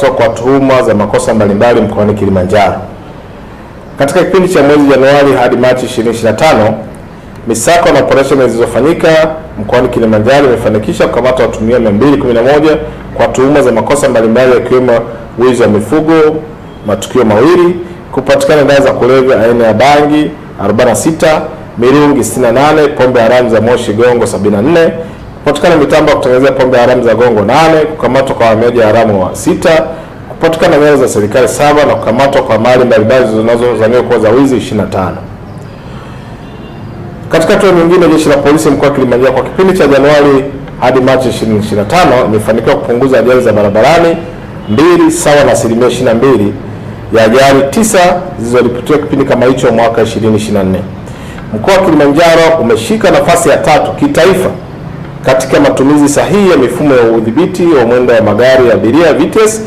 Kwa tuhuma za makosa mbalimbali mkoani Kilimanjaro. Katika kipindi cha mwezi Januari hadi Machi 2025, misako na operesheni zilizofanyika mkoani Kilimanjaro imefanikisha kukamata watuhumiwa 211 kwa tuhuma za makosa mbalimbali yakiwemo wizi wa mifugo matukio mawili, kupatikana dawa za kulevya aina ya bangi 46, mirungi 68, pombe haramu za moshi gongo 74 kupatikana mitambo ya kutengenezea pombe haramu za gongo nane, kukamatwa kwa wameja haramu wa sita, kupatikana nyara za serikali saba na kukamatwa kwa mali mbalimbali zinazozaniwa kuwa za wizi 25. Katika hatua nyingine, jeshi la polisi mkoa wa Kilimanjaro kwa kipindi cha Januari hadi Machi 2025 imefanikiwa kupunguza ajali za barabarani mbili sawa na asilimia 22 ya ajali tisa zilizoripotiwa kipindi kama hicho mwaka 2024. Mkoa wa Kilimanjaro umeshika nafasi ya tatu kitaifa katika matumizi sahihi ya mifumo ya udhibiti wa mwendo wa magari ya abiria VTS